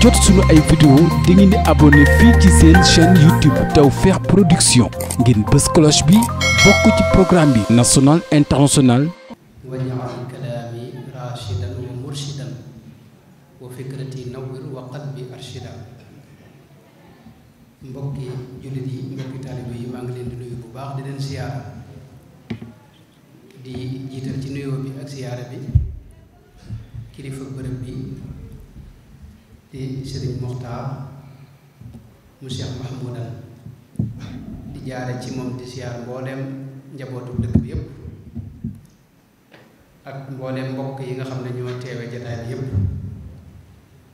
jot suñu ay vidéo da di abonné fii ci seen chaîne YouTube Tawfekh Production ngeen bës cloche bi bokk ci programme bi national international waj'al kalaami raashidan wa murshidan mbokki jullit yi mbokki taalibe yi maa ngi leen di nuyu bu baax di siyaara di jiital ci nuyoo bi ak siyaara bi kilifa bërëb bi di sëriñ Moxtaar mu Cheikh Mahmoudan di jaare ci moom di siyaar mbooleem njabootu dëkk bi yépp ak mbooleem mbokk yi nga xam ne ñoo teewe jataay bi yépp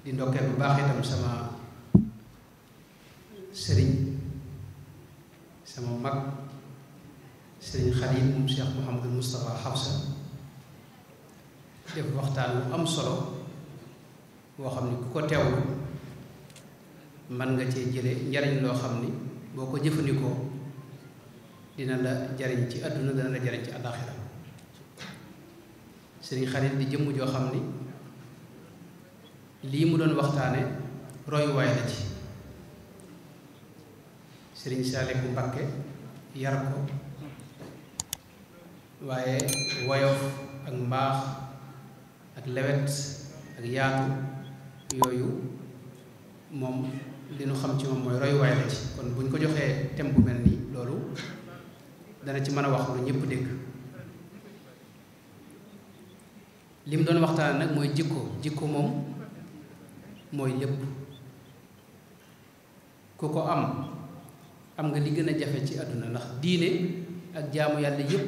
di ndokkee bu baax itam sama sëriñ sama mag sëriñ Xadim moom Cheikh Mouhamadul Moustapha Xafsa def waxtaan bu am solo woo xam ne ku ko teewlu mën nga cee jële njariñ loo xam ne boo ko jëfandikoo dina la jariñ ci àdduna dina la jariñ ci àllaaxira sëriñ xarit di jëmm joo xam ne lii mu doon waxtaane royuwaay la ci sëriñ Saaliku Mbakke yar ko waaye woyof ak mbaax ak lewet ak yaatu yooyu moom li xam ci moom mooy royuwaay la ci kon bu ñu ko joxee thème bu mel nii loolu dana ci mën a wax lu ñëpp dégg li mu doon waxtaan nag mooy jikko jikko moom mooy lépp ku ko am am nga li gën a jafe ci àdduna ndax diine ak jaamu yàlla yépp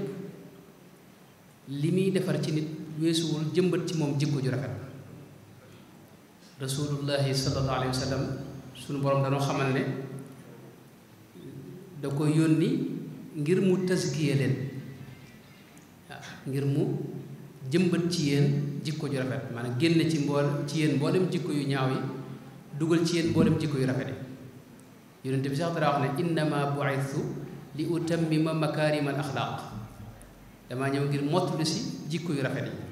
li muy defar ci nit weesuwul jëmbat ci moom jikko ju rafet rasulullahi sallallahu alayhi wa sallam suñu borom dañoo xamal ne da ko yónni ngir mu tasgiye leen ngir mu jëmbët ci yéen jikko ju rafet maanaam génn ci mbool ci yéen mboolem jikko yu ñaaw yi dugal ci yéen mboolem jikko yu rafet yi yonent bi sax dara wax ne innama bu'ithu li utammima makaarimal axlaaq damaa ñëw ngir mottali si jikko yu rafet yi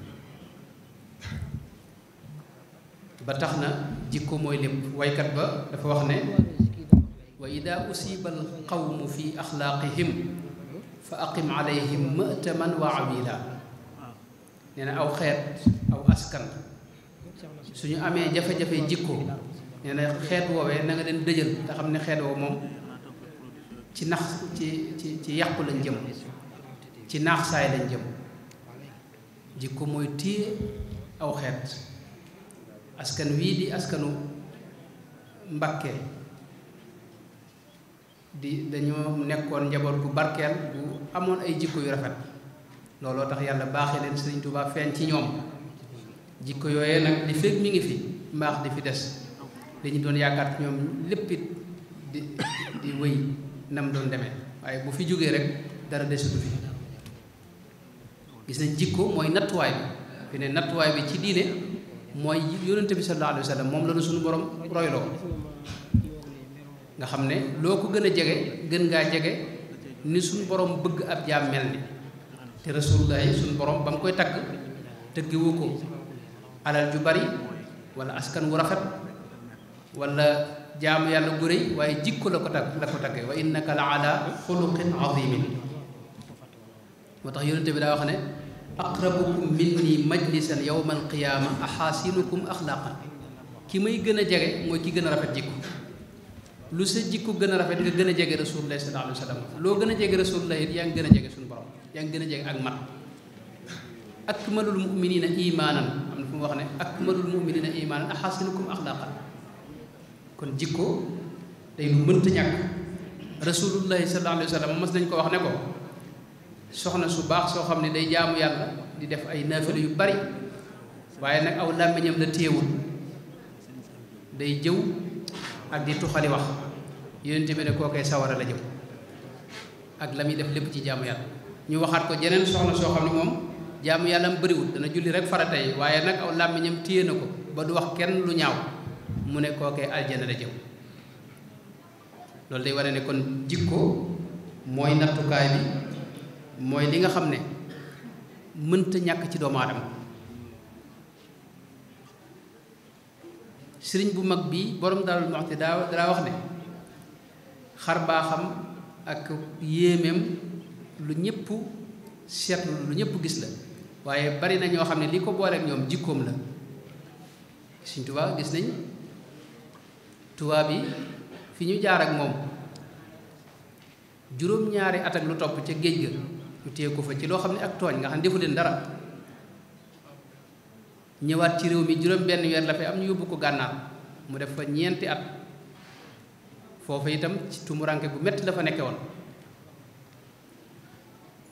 ba tax na jikko mooy lépp waykat ba dafa wax ne wa ida usiba alqawmu fi axlaaqihim fa aqim alayhim mëtaman wa awila nee na aw xeet aw askan suñu amee jafe-jafe jikko nee na xeet woowee na nga leen dëjël te xam ne xeet woo moom ci nax ci ci ci yàqu lañ jëm ci naax saay lañ jëm jikko mooy téye aw xeet askan wii di askanu mbakke di dañoo nekkoon njaboot bu barkeel bu amoon ay jikko yu rafet looloo tax yàlla baaxee leen Sëriñ Tuubaa feeñ ci ñoom jikko yooyee nag li fekk mi ngi fi mbaax di fi des li ñu doon yaakaar ci ñoom lépp it di di wéy nam doon demee waaye bu fi jógee rek dara desatu fi gis nañ jikko mooy nattuwaay bi fi ne nattuwaay bi ci diine mooy yonente bi sallallahu alayhi wa sallam moom la suñu borom royloo nga xam ne loo ko gën a jege gën ngaa jege ni suñu borom bëgg ab jaam mel ni te rasulullah yi suñu borom ba nga koy tagg tëggiwu ko alal ju bari wala askan wu rafet wala jaamu yàlla gu waaye jikko la ko tagg la ko taggee wa innaka la ala xuluqin azimin moo tax yonente bi daa wax ne aqrabukum minni majlisan yawmal qiyaama axaasinukum axlaaqan ki may gën a jege mooy ki gën a rafet jikko lu sa jikko gën a rafet nga gën a jege rasulullah sallallahu alayhi loo gën a jege rasulullah it yaa ngi gën a jege suñu borom yaa ngi gën a jege ak mat akmalul muminina imaanan am na fu mu wax ne akmalul muminina imaanan axaasinukum axlaaqan kon jikko day lu mënta ñàkk rasulullah sallallahu alayhi wa sallam mas nañ ko wax ne ko soxna su baax soo xam ne day jaamu yàlla di def ay naafila yu bari waaye nag aw làmmiñam la téewul day jëw ak di tuxali wax yonent bi ne kookee sawara la jëm ak la muy def lépp ci jaamu yàlla ñu waxaat ko jeneen soxna soo xam ne moom jaamu yàlla am bëriwul dana julli rek farata waaye nag aw làmmiñam téye na ko ba du wax kenn lu ñaaw mu ne kookee aljana la jëm loolu day wane ne kon jikko mooy nattukaay bi mooy li nga xam ne mënta ñàkk ci doomu sëriñ bu mag bii borom Daaru Muxti daa daa wax ne xar baaxam ak yéemeem lu ñëpp seetlu lu ñëpp gis la waaye bari na ñoo xam ne li ko booleek ñoom jikkoom la Sëriñ Tuubaa gis nañ tubaab yi fi ñu jaar ak moom juróom-ñaari at lu topp ca géej ga ñu téye ko fa ci loo xam ne ak tooñ nga xam ne defu leen dara ñëwaat ci réew mi juróom-benn weer la fay am ñu yóbbu ko gànnaar mu def fa ñeenti at foofu itam ci tumuraanke bu metti la fa nekke woon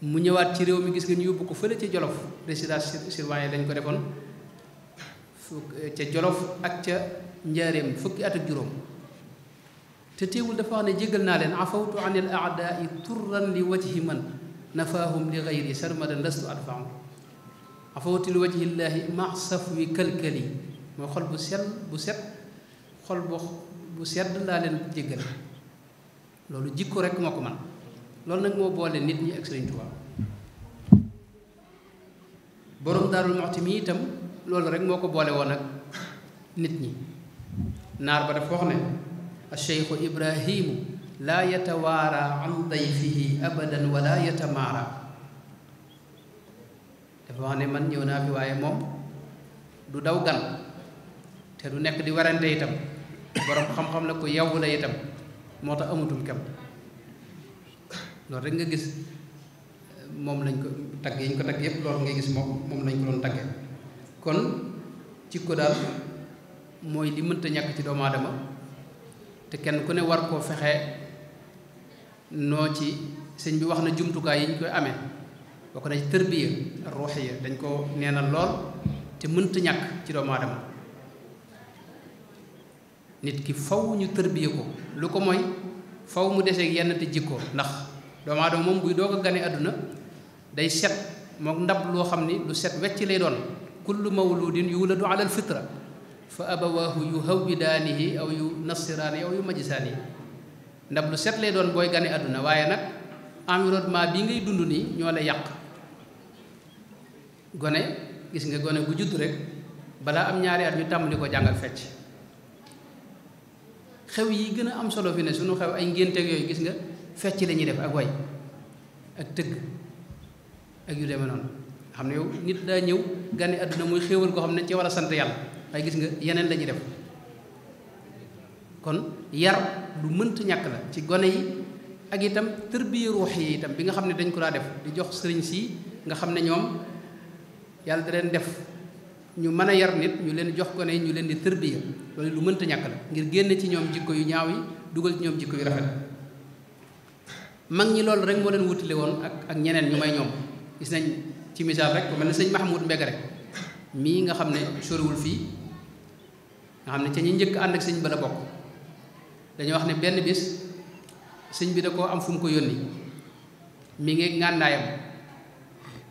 mu ñëwaat ci réew mi gis nga ñu yóbbu ko fële ca Jolof résidence surveillée dañ ko defoon ca Jolof ak ca njaareem fukki at ak juróom te teewul dafa wax ne jégal naa leen afawtu an al aadai turran li wajhi man nafaahum li gayri sarmadan lastu adfahu afawti li wajhi llaahi ma safwi kalkali mooy xol bu sell bu set xol bu bu sedd laa leen jéggal loolu jikko rek moo ko man loolu nag moo boole nit ñi ak Sëriñ Tuubaa boroom Daarul Muxti mi itam loolu rek moo ko boole woon ak nit ñi naar ba dafa wax ne a cheikhu ibrahimu laa yatawaara an dayfihi abadan wala yatamaara dafa wax ne man ñëw naa fi waaye moom du daw gan te du nekk di werante itam borom xam-xam la ko yaw la itam moo tax amutum kem loolu rek nga gis moom lañ ko ko tagg yépp nga gis moom moom lañ ko doon tagge kon ci ko daal mooy li mënta ñàkk ci doomu aadama te kenn ku ne war koo fexe noo ci sëñ bi wax na jumtukaay yi ñu koy amee bokk na ci tërbiya ruuxiya dañ ko nee na lool te mënta ñàkk ci doomu nit ki faw ñu tërbiya ko lu ko mooy faw mu desee yenn te jikko ndax doomu aadama moom buy doog a gane àdduna day set mook ndab loo xam ni lu set wecc lay doon kullu mawludin yuwladu ala alfitra fa abawaahu yuhawwidaanihi aw yunassiraanihi aw yumajjisaanihi ndax lu set lay doon booy gane àdduna waaye nag environnement bi ngay dund nii ñoo la yàq gone gis nga gone bu judd rek balaa am ñaari at ñu tàmbali ko jàngal fecc xew yi gën a am solo fi ne sunu xew ay ngénteeg yooyu gis nga fecc lañuy ñuy def ak way ak tëgg ak yu demee noonu xam ne yow nit daa ñëw gane àdduna muy xéewal koo xam ne ci war a sant yàlla waaye gis nga yeneen la def kon yar lu mënt ñàkk la ci gone yi ak itam tërbiya wax yi itam bi nga xam ne dañ ko daa def di jox sëriñ si nga xam ne ñoom yàlla da leen def ñu mën a yar nit ñu leen jox gone yi ñu leen di tërbiya loolu lu mënta ñàkk la ngir génn ci ñoom jikko yu ñaaw yi dugal ci ñoom jikko yu rafet mag ñi loolu rek moo leen wutale woon ak ak ñeneen ñu may ñoom gis nañ ci misaal rek ku mel ne sëñ Mahmoud Mbeg rek mii nga xam ne soriwul fii nga xam ne ca ñi njëkk ànd ak sëñ bala bokk dañoo wax ne benn bis sëñ bi da koo am fu mu ko yónni mi ngi ngàndaayam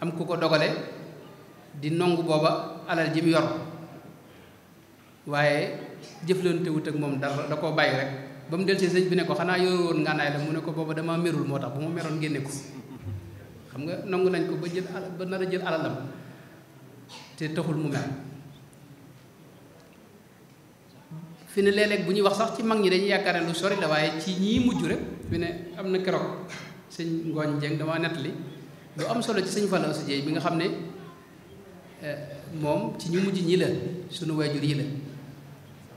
am ku ko dogale di nongu booba alal ji mu yor waaye jëflante wut ak moom dara da koo bàyyi rek ba mu del see sëñ bi ne ko xanaa yore woon ngànnaay la mu ne ko booba dama merul moo tax bu ma meroon génne ko xam nga nangu nañ ko ba jël ba nar a jël alalam te taxul mu mer fi ne léeg bu ñuy wax sax ci mag ñi dañuy yaakaar ne lu sori la waaye ci ñii mujj rek fi ne am na keroog sëñ Ngooñ Jeng dama nettali lu am solo ci sëñ Fallou Astu Jeey bi nga xam ne eh, moom ci ñu mujj ñi la sunu waajur yi la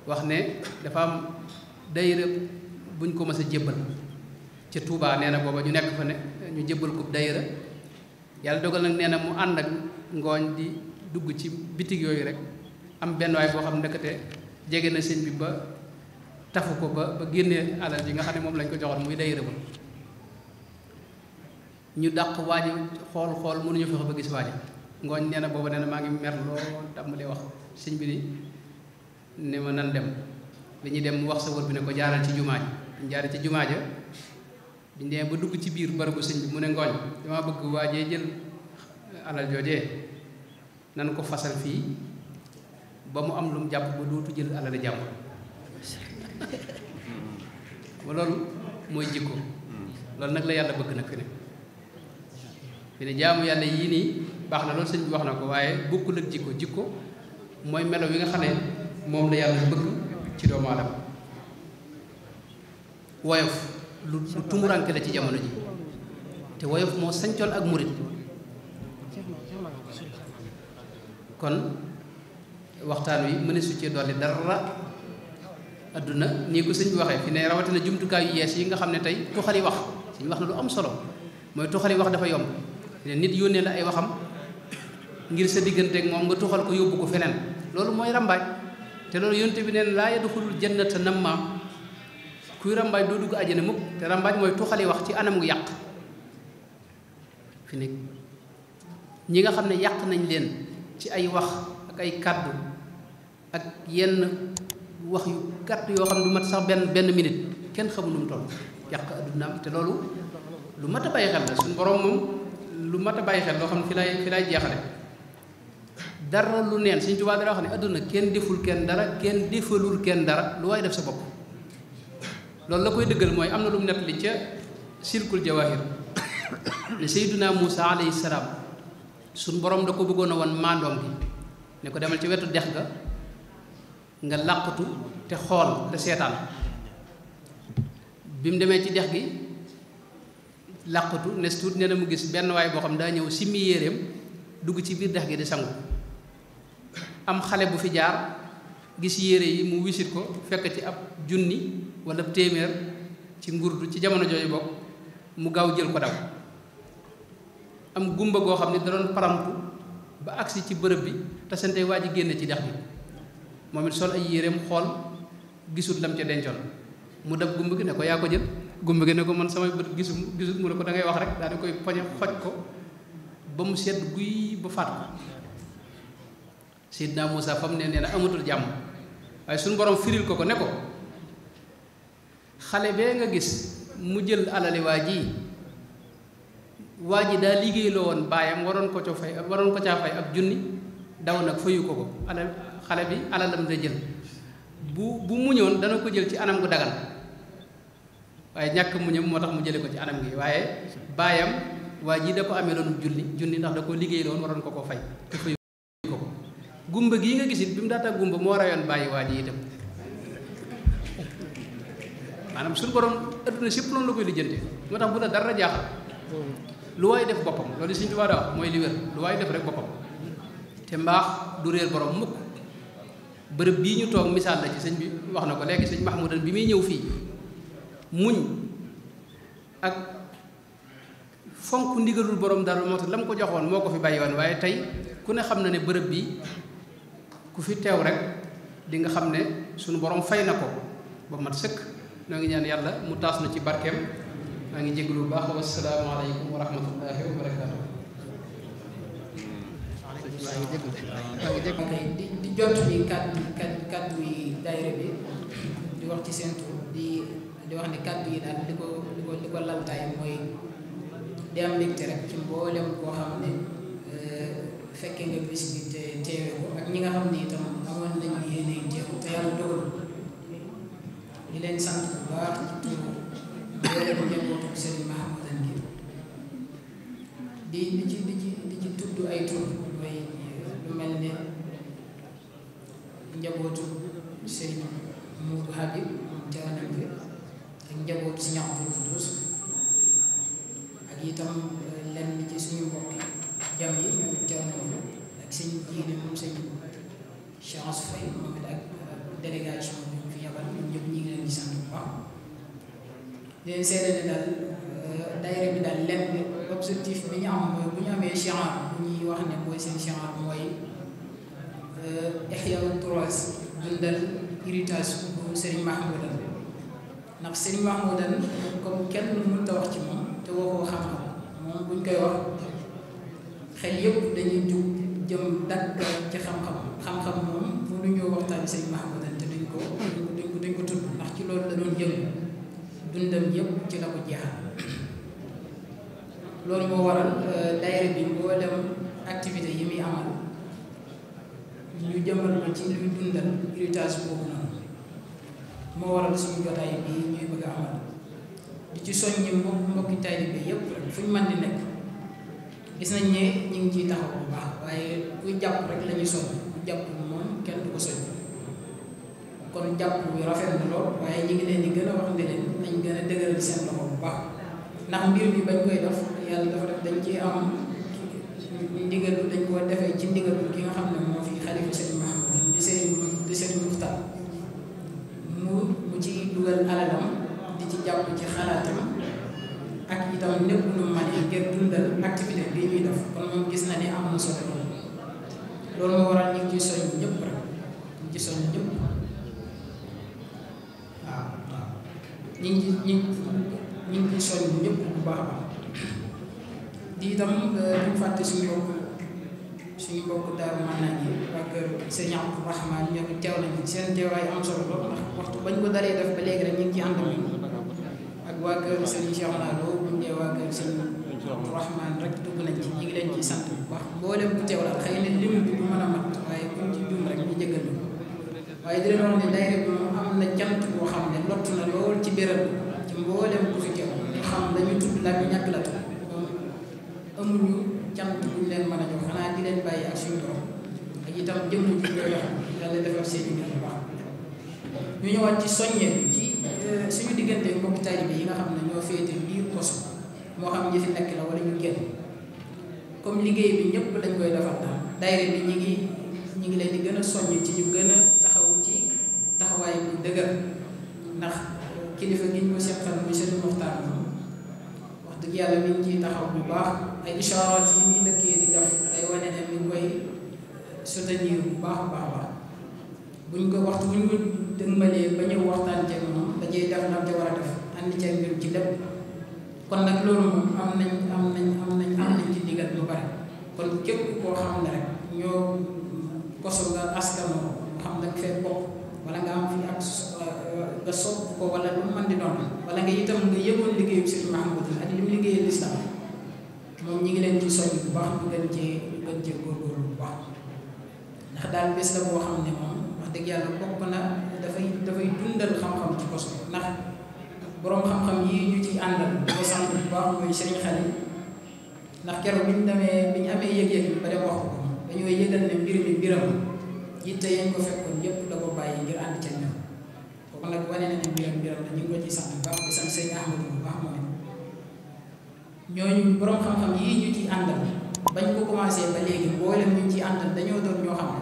wax ne dafa am dayira buñ ko mës a jébbal ca Touba nee na booba ñu nekk fa ne ñu jébbal ko dayira yàlla dogal nag nee na mu ànd ak ngooñ di dugg ci bitig yooyu rek am benn waay boo xam ndëkkate jege na sëñ bi ba tafu ko ba ba génnee alal ji nga xam ne moom lañ ko joxoon muy day rëbal ñu dàq waaji xool xool mënuñu fexe ba gis waaji ngooñ nee na booba nee na maa ngi mer lool tàmbalee wax sëñ bi ni ne ma nan dem bi ñuy dem mu wax sa wër bi ne ko jaaral ci jumaa ji ñu jaare ci jumaa ja bi ñu ba dugg ci biir barabu sëñ bi mu ne ngooñ dama bëgg waajee jël alal joojee nan ko fasal fii ba mu am lu mu jàpp ba dootu jël alal jàmbur loolu mooy jikko loolu nag la yàlla bëgg nag ne fi ne jaamu yàlla yii nii baax na loolu sëñ wax na ko waaye bokkul ak jikko jikko mooy melow yi nga xam ne moom la yàlla bëgg ci doomu aadama woyof lu lu la ci jamono ji te woyof moo sañcoon ak murit kon waxtaan wi mëne su cee dolli dara adduna nii ko sëñ bi waxee fi ne rawatina jumtukaay yu yees yi nga xam ne tey tuxali wax suñu wax na lu am solo mooy tuxali wax dafa yomb ne nit yónnee la ay waxam ngir sa digganteeg moom nga tuxal ko yóbbu ko feneen loolu mooy rambaaj te loolu yonte bi neen laa yadxulul jannata nammaam kuy rambaaj doo dugg àjjana mukk te rambaaj mooy tuxali wax ci anam gu yàq fi ne ñi nga xam ne yàq nañ leen ci ay wax kay ay kàddu ak yenn wax yu gàtt yoo xam ne du mat sax benn benn minute kenn xamul nu mu toll yàq addunaam te loolu lu mat a bàyyi xel la suñu borom moom lu mat a bàyyi xel loo xam ne fi lay fi lay jeexale dara lu neen suñ tubaab dara wax ne adduna kenn deful kenn dara kenn defalul kenn dara lu waaye def sa bopp loolu la koy dëggal mooy am na lu mu nett li ca silkul jawahir ne Seydina Moussa alayhi salaam suñ borom da ko bëggoon a wan maandoom gi ne ko demal ca wetu dex ga nga làqutu te xool te seetaan bi mu demee ci dex gi làqutu ne tuut ne na mu gis benn waay boo xam ne daa ñëw simmi yéreem dugg ci biir dex gi di sangu am xale bu fi jaar gis yére yi mu wisit ko fekk ci ab junni walla téeméer ci ngurdu ci jamono jooju bokk mu gaaw jël ko daw am gumba goo xam ne da doon paramtu ba agsi ci bërëb bi te waa ji génn ci dex bi moom it sol ay yéreem xool gisul lam ca dencoon mu dab gumba gi ne ko yaa ko jël gumba gi ne ko man samay bët gisul mu ne ko da ngay wax rek daal di koy poñe xoj ko ba mu sedd guy ba faat ko Seydina Moussa fa mu ne nee na amatul jàmm waaye suñu borom firil ko ko ne ko xale bee nga gis mu jël alali waa ji waa ji daa liggéey woon baayam waroon ko ca fay waroon ko caa fay ab junni daw nag fayu ko ko xale bi alalam la jël bu bu muñoon dana ko jël ci anam gu dagal waaye ñàkk muñam moo tax mu jële ko ci anam gi waaye baayam waa ji da ko amee loon junni junni ndax da ko liggéey woon waroon ko ko fay te fayu ko ko gumba gii nga gisit bi mu daata gumba moo rayoon bàyyi waa ji itam maanaam suñu borom adduna sépp loolu la koy lijjante moo tax bu la dara jaaxal lu waay def boppam loolu Sëriñ Tuubaa daa mooy li lu waay def rek boppam te mbaax du réer borom mukk bërëb bii ñu toog misaal la ci sëñ bi wax na ko léegi sëñ Mahmoudan bi muy ñëw fii muñ ak fonk ndigalul borom dara moo tax la mu ko joxoon moo ko fi bàyyi waaye tey ku ne xam na ne bërëb bi ku fi teew rek dinga xam ne sunu boroom fay na ko ba mat sëkk noo ngi ñaan yàlla mu taas na ci barkeem maa ngi jégalu bu baax wasalaamaaleykum wa rahmatullahi wa barakaatu. maa ngi jégalu di di jot bi kàddu kàddu kàddu yi daayira bi di wax ci seen tur di di wax ne kàddu yi daal di ko di ko di ko laltaay mooy di am mbégte rek ci mboolem koo xam ne eh, fekkee nga bis bi te teewe ko ak ñi nga xam ne itam amoon nañu yéene teew te yàlla dogal ñu leen sant bu baax ci tur boole ko njabootu sëriñ Mahmoudane gi di di ci di ci di tudd ay tur mooy eh, lu mel ni njabootu sëriñ Moudou Habib moom jaanam bi ak ak itam eh, lenn ci suñu mbokk jam Chance Faye moom it ak eh, délégation fi yabal ñoom ñëpp leen di sant bu yooyu seede ne daal euh, daayira bi daal lenn objectif bi ñu am mooy bu ñu amee chiar bu ñuy wax ne mooy seen chiar mooy euh, Ihya Turaas dundal héritage bu Serigne Mahmoudan ndax comme kenn mënut a wax ci moom te waxoo xam-xam moom buñ koy wax xel yëpp dañuy jug jëm dakk ci xam-xam xam-xam moom mënuñoo waxtaan Serigne Mahmoudan te duñ ko duñ ko tudd ndax ci loolu la doon jëm dundam yëpp ci la ko jeexal loolu moo waral euh, daayira bi mboolem activité yi muy amal ñu jëmbal ko ci luy dundal héritage boobu noonu moo waral suñu jotaay bi ñuy bëgg a amal di ci soññi mbokk mbokki taalibe yëpp rek fu ñu mën di nekk gis nañ ne ñu ngi ciy taxaw baax waaye kuy jàpp rek la ñuy ku jàpp moom kenn du ko soññ kon jàpp bi rafet na lool waaye ñu ngi leen di gën a wax ne leen nañ gën a dëgëral seen loxo bu ndax mbir mi bañ koy def yàlla dafa def dañ ci am ndigal dañ ko defee ci ndigal ki nga xam ne moo fi xalifa sëriñ Mahamad mu ci dugal alalam di ci jàpp ci xalaatam ak itam lépp lu mën ngir dundal activité bi ñuy def kon moom gis na ne am na solo loolu moo waral ñu ngi soñ ñëpp rek ñu ngi soñ ñëpp ñu ngi ñu ngi ñu ngi soñ bu ñëpp bu baax a baax di itam euh, duñ fàtte suñu mbokk suñu mbokk daaru mën naa ji ak sëñ Abdou Rahman ñoom teew nañu seen teewaay am solo lool ndax waxtu bañ ko daree def ba léegi rek ñu ngi ci ànd ak waa kër sëñ Cheikh Nalo bu ñu dee waa kër sëñ Abdou Rahman rek dugg nañ ci ñu ngi leen ci sant bu baax mboolem bu teew daal xëy na lim bi du mën a mat waaye buñ ci juum rek ñu jëggal waaye di leen wax ne day am na jant boo xam ne lott na lool ci béréb ci mboolem ku fi teew ñu xam dañu tudd la ñu ñàkk la tudd donc amuñu a jox xanaa di leen bàyyi ak suñu doom ak itam jëmm ji ñoo seen i mbir bu baax ñu bi euh, yi nga xam ne ñoo féete biir kos moo xam ñi fi la wala ñu génn comme liggéey bi ñëpp lañ koy defar daal daayira bi ñi ngi ñi ngi leen di gën a soññ ci ñu gën dëgër ndax kilifa gi ñu ko seqal muy Serigne Mokhtar wax dëgg yàlla mi ci ciy taxaw bu baax ay ishaaraat yi muy dëkkee di def ay wane ne mi ngi koy euh, soutenir bu baax a baax baax buñ ko waxtu buñ ko dëgmalee ba ñëw waxtaan ceeg moom dajee def ndax ca a def andi ceeg ñun ci lépp kon nag loolu moom am nañ am nañ am nañ ci digal lu bari kon képp koo xam ne rek ñoo koso nga askan xam nag fee bokk wala nga am fi ak euh, nga sopp ko wala lu mu mën di doon wala nga itam nga yëgoon liggéeyam Sëriñ Mahmoud ak li mu liggéeyal lislaam moom ñi ngi leen ci soññ bu baax ñu gën cee ñu gën cee bu baax ndax daal bés la boo xam ne moom wax dëgg yàlla bokk na dafay dafay dundal xam-xam ci koso ndax boroom xam-xam yi ñu ci àndal ko sant bu baax mooy Sëriñ Xalil ndax keroog bi ñu demee bi ñu amee yëg-yëg ba dem wax ko dañoo yëgal ne mbir yitte yi ko fekkoon yépp da ko bàyyi ngir ànd ca ñoom kooku nag wane na ne mbiram mbiram ñu ngi ko ci sant bu baax di sant ñu bañ ko commencé ba léegi mboolem ñu ci àndal dañoo doon ñoo xam ne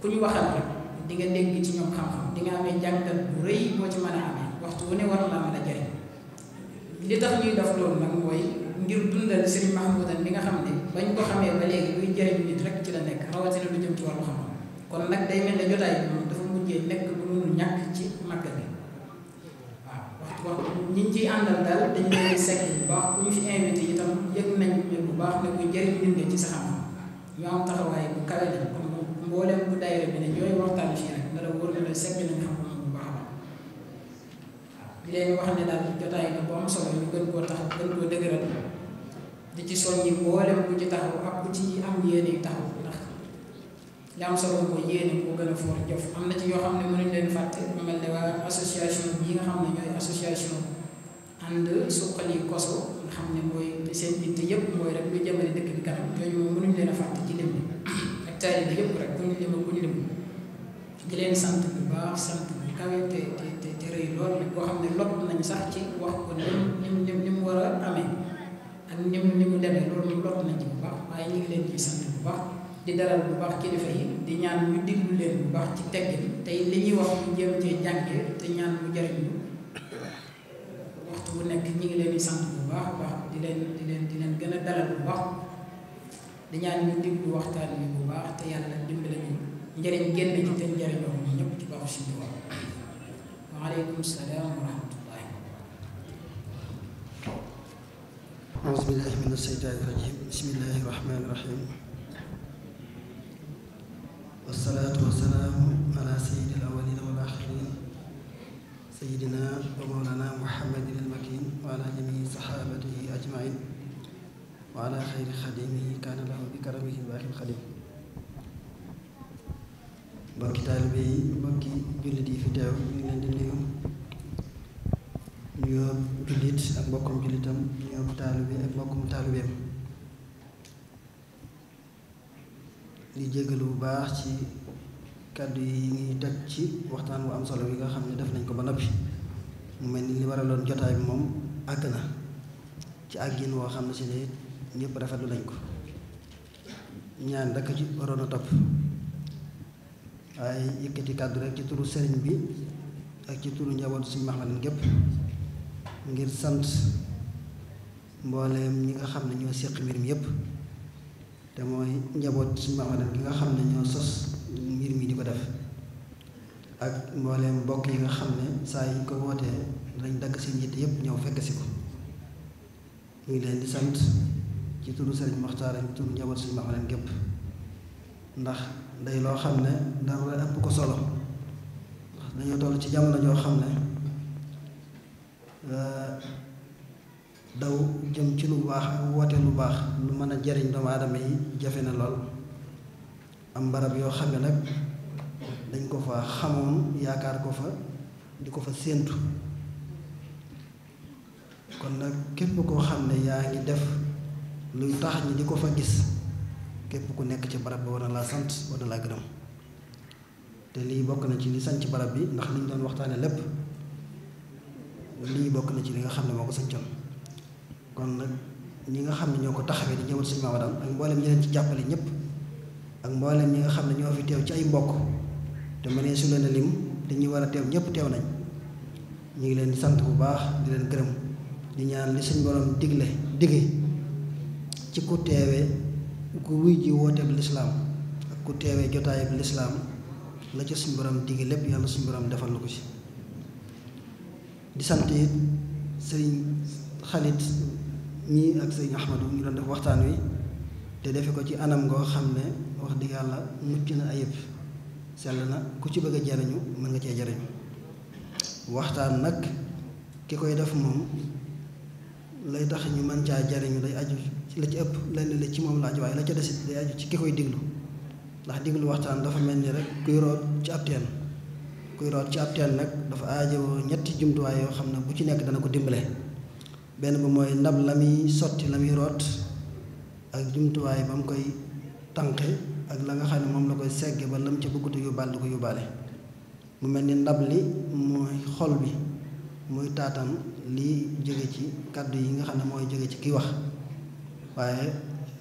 ku ñu waxal rek di dégg ci ñoom xam-xam di nga amee njàngat bu rëy boo ci mën a amee waxtu wu ne war la mën a jëriñ li tax ñuy def loolu nag mooy. ngir dundal Serigne Mahmoudan mi nga xam ne bañ ko xamee ba léegi luy jëriñ nit rek ci la nekk rawatina lu jëm ci wàllu xam-xam kon nag day mel ne jotaay bi moom dafa mujjee nekk bu mënul ñàkk ci màggal bi waaw bu baax ku ñu fi sa xam taxawaay bu kawe bu daayira bi ne ñooy waxtaan na la sekk nañ di leen wax ne daal jotaay la ñu gën koo tax gën koo dëgëral di ci soññi mboolem ku ci taxaw ak ku ci am yéene taxaw ndax li am solo mooy yéene koo gën a foor jëf am na ci yoo xam ne mënuñ leen fàtte mu mel ne waa association xam ne ñooy association ànd suqali koso nga xam ne mooy seen yitte yëpp mooy rek lu jëmale dëkk bi kanam ñooñu moom leen a fàtte ci lim ak taali bi yëpp rek kuñ lim kuñ lim leen sant bu baax sant bu kawe te te te rëy lool boo xam ne lot nañ sax ci wax ko ne ni mu ni mu demee loolu lott nañ ci bu baax waaye ñu ngi leen ciy sant bu baax di dalal bu baax kilifa yi di ñaan ñu diglu leen bu baax ci teggin tey li ñuy wax ñu jéem cee jàngee te ñaan mu jariñu waxtu bu nekk ñu ngi leen di bu baax di leen di leen di leen gën a dalal bu baax di ñaan ñu waxtaan wi bu baax te yàlla dimbale ñu njëriñ génn ci te njëriñoo ñëpp ci baax suñu wax waaleykum أعوذ بالله من الشيطان الرجيم بسم الله الرحمن الرحيم والصلاة والسلام على سيد الأولين والآخرين سيدنا ومولانا محمد المكين وعلى جميع صحابته أجمعين وعلى خير خديمه كان له بكرمه باقي الخديم mbokki taalibe yi mbokki jullit yi fi teew ñu ngi leen di nuyu nuyoo jullit ak mbokkum jullitam nuyoo taalibe ak mbokkum taalibeem di jégalu bu baax ci kàddu yi ngi teg ci waxtaan bu am solo bi nga xam ne def nañ ko ba noppi mu mel ni li waraloon jotaay moom àgg na ci àggin woo xam ne si ne ñëpp rafetlu nañ ko ñaan rekk ci waroon topp waaye yëkkati kàddu rek ci turu sëriñ bi ak ci turu njabootu si Maxmadan gépp ngir sant mbooleem ñi nga xam ne ñoo séq mbir mi yépp te mooy njaboot ci maanaam gi nga xam ne ñoo sos ngir mi di ko def ak mbooleem mbokk yi nga xam ne saa yi ñu ko wootee dañ dagg seen yitte yépp ñëw fekk si ko ñu ngi leen di sant ci turu sëriñ Maxtaar ak turu njaboot suñu maanaam gépp ndax day loo xam ne dara ëpp ko solo dañoo toll ci jamono joo xam ne daw jëm ci lu baax ak woote lu baax lu mën a jariñ doomu aadama yi jafe na lool am barab yoo xam ne nag dañ ko fa xamoon yaakaar ko fa di ko fa séentu kon nag képp koo xam ne yaa ngi def lu tax ñi di ko fa gis képp ku nekk ci barab bi war na laa sant war na laa gërëm te lii bokk na ci li sant ci barab bi ndax liñ doon waxtaane lépp li ñu bokk na ci li nga xam ne moo ko sañcoon kon nag ñi nga xam ne ñoo ko taxawee di jëmal suñu mamadam ak mboolem ñi leen ci jàppale ñëpp ak mboolem ñi nga xam ne ñoo fi teew ci ay mbokk te ma ne su leen a dañuy war a teew ñëpp teew nañ ñu ngi leen di sant bu baax di leen gërëm di ñaan li suñ borom digle dige ci ku teewee ku woo ji wooteeb lislaam ak ku teewee jotaayeb lislaam la ca suñ borom dige lépp yàlla suñ borom defal na ko di sant it sëriñ xalit mii ak sëriñ Ahmadu ñu doon def waxtaan wi te defe ko ci anam ngoo xam ne wax dëgg yàlla mucc na ayib sell na ku ci bëgg a jariñu mën nga cee jariñu waxtaan nag ki koy def moom lay tax ñu mën caa jariñu lay aju la ci ëpp lenn la ci moom la aju waaye la ca desit day aju ci ki koy diglu ndax diglu waxtaan dafa mel ni rek kuy root ci ab kuy root ci ab teen nag dafa aajowoo ñetti jumtuwaay yoo xam ne bu ci nekk dana ko dimbale benn bi mooy ndab la muy sotti la muy root ak jumtuwaay ba mu koy tànqe ak la nga xam ne moom la koy segge ba lam ca bëggutu yóbbaale ko yóbbaale mu mel ni ndab li mooy xol bi muy taatam lii jóge ci kàddu yi nga xam ne mooy jóge ci kiy wax waaye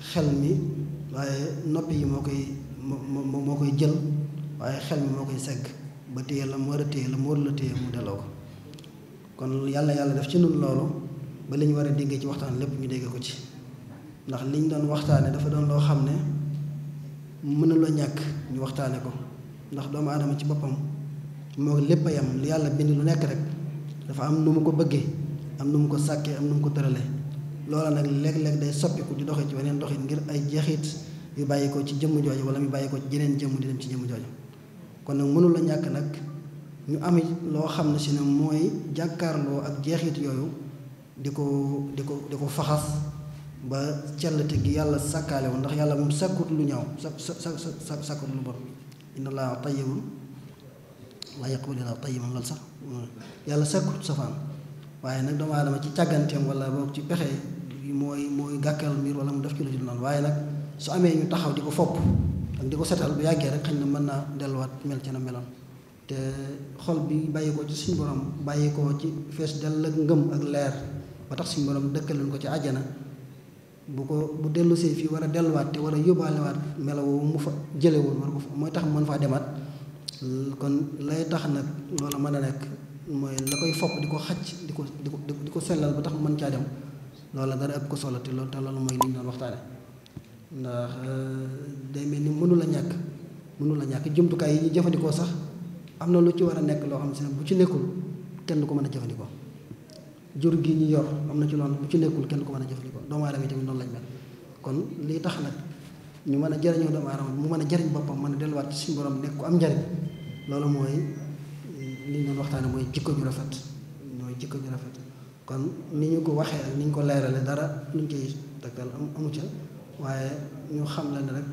xel mi waaye noppi yi moo koy moo moo koy jël waaye xel mi moo koy segg ba téye la mu war a téye la mu warul a téye mu delloo ko kon yàlla yàlla def ci nun loolu ba li ñu war a déggee ci waxtaan lépp ñu dégg ko ci ndax li ñu doon waxtaane dafa doon loo xam ne mënuloo ñàkk ñu waxtaane ko ndax doomu aadama ci boppam moo lépp a am lu yàlla bind lu nekk rek dafa am nu mu ko bëggee am nu mu ko sàkkee am nu mu ko tëralee loola nag léeg-léeg day soppiku di doxee ci weneen doxit ngir ay jeexit yu bàyyi ko ci jëmm jooju wala mu bàyyi ko ci jeneen jëmm di dem ci jëmm jooju kon nag mënula ñàkk nag ñu am loo xam ne si ne mooy jàkkaarloo ak jeexit yooyu di ko di ko di ko faxas ba te gi yàlla sàkkaale woon ndax yàlla moom sàkkut lu ñaaw sa sa sa sàkkut lu bon inna laa tayyibun laa yaqbalu illaa tayyiban lal sax yàlla sàkkut safaan waaye nag doomu aadama ci càgganteem wala boog ci pexe mooy mooy gàkkal mbir wala mu def ci lu dul noonu waaye nag su amee ñu taxaw di ko fopp ak di ko setal bu yàggee rek xëy na mën naa delluwaat mel ci na meloon te xol bi bàyyi ko ci suñu borom bàyyi ko ci fees dell ak ak leer ba tax suñu borom dëkkaleen ko ci àjjana bu ko bu dellu see fii war a delluwaat te war a waat melawoo mu fa jëlewoon war mooy tax mën faa demaat kon lay tax nag loola mën a nekk mooy la koy fopp di ko xacc di ko di ko di ko sellal ba tax mën caa dem loola dara ëpp ko solo te loolu te loolu mooy li ñu doon ndax euh, day mel ni mënu la ñàkk mënu la ñàkk jumtukaay yi ñu jëfandikoo sax am na lu ci war a nekk loo xam ne bu ci nekkul kenn ko mën a jëfandikoo jur gi ñu yor am na ci loolu bu ci nekkul kenn ko mën a jëfandikoo doomu aadama yi tamit noonu lañ mel kon lii tax nag ñu mën a jariñoo doomu aadama mu mën a jariñ boppam mën a delluwaat ci suñu borom nekk ku am njariñ loolu mooy li ñu doon waxtaane mooy jikko ju rafet mooy jikko ju rafet kon ni ñu ko waxee ak ni ko leerale dara luñ koy amu ca waaye ñu xam la ne rek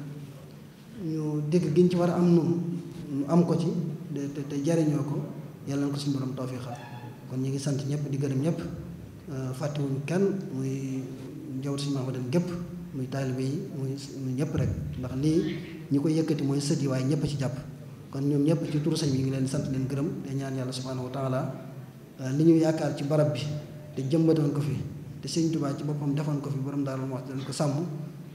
ñu dégg giñ ci war a am noonu ñu am ko ci te te jariñoo ko yàlla na ko suñu borom tawfiixal kon ñu ngi sant ñëpp di gërëm ñëpp euh, fàttewuñu kenn muy njawt suñu Mahmadan gépp muy taalibe yi muy ñëpp rek ndax lii ñu ko yëkkati mooy sët yi waaye ñëpp ci jàpp kon ñoom ñëpp ci turu sëñ bi ñu ngi leen sant leen gërëm te ñaan yàlla subhaanahu wa la euh, li ñu yaakaar ci barab bi te jëmbatoon ko fi te sëñ Tuubaa ci boppam defoon ko fi borom daal wax dinañ ko sàmm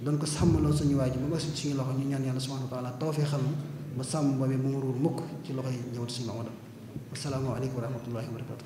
doon ko sàmmaloo suñu waay ji ba masul suñu loxo ñu ñaan yàlla subhanahu wa taala tawfeexal nu ba sàmm boobee bu mu ruur mukk ci loxo yi ñëwatu suñu Mamadou asalaamaaleykum wa rahmatullahi wa barakatu